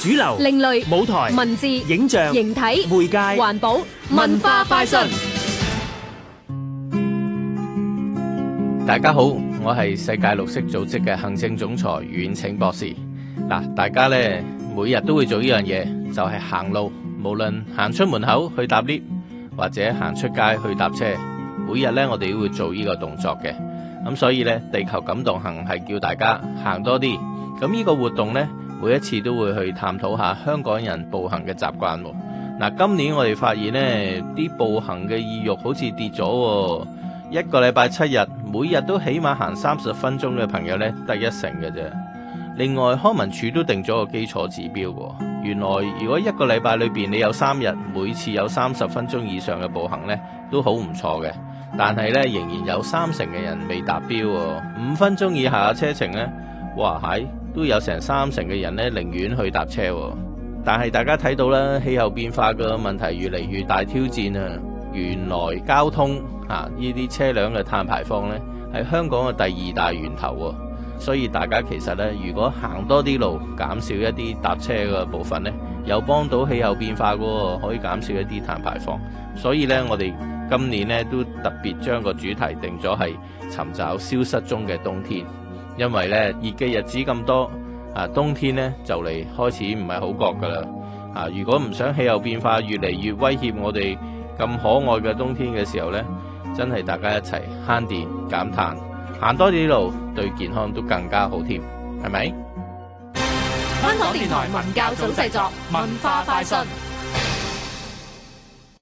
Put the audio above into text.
主流、另類舞台、文字、影像、形體、媒介、環保、文化快訊。大家好，我係世界綠色組織嘅行政總裁遠騁博士。嗱，大家呢每日都會做呢樣嘢，就係行路。無論行出門口去搭 lift，或者行出街去搭車，每日呢我哋都會做呢個動作嘅。咁所以呢，地球感動行係叫大家行多啲。咁呢個活動呢。每一次都會去探討下香港人步行嘅習慣喎。嗱，今年我哋發現呢啲步行嘅意欲好似跌咗。一個禮拜七日，每日都起碼行三十分鐘嘅朋友呢，得一成嘅啫。另外，康文署都定咗個基礎指標喎。原來如果一個禮拜裏邊你有三日，每次有三十分鐘以上嘅步行呢，都好唔錯嘅。但係呢，仍然有三成嘅人未達標。五分鐘以下嘅車程呢，哇，係？都有成三成嘅人咧，寧願去搭車。但係大家睇到啦，氣候變化個問題越嚟越大挑戰啊！原來交通啊，呢啲車輛嘅碳排放呢，係香港嘅第二大源頭喎。所以大家其實呢，如果行多啲路，減少一啲搭車嘅部分呢，有幫到氣候變化嘅，可以減少一啲碳排放。所以呢，我哋今年呢，都特別將個主題定咗係尋找消失中嘅冬天。因為咧熱嘅日子咁多，啊冬天咧就嚟開始唔係好覺㗎喇，啊如果唔想氣候變化越嚟越威脅我哋咁可愛嘅冬天嘅時候咧，真係大家一齊慳電減碳，行多啲路對健康都更加好添，係咪？香港電台文教組製作文化快訊。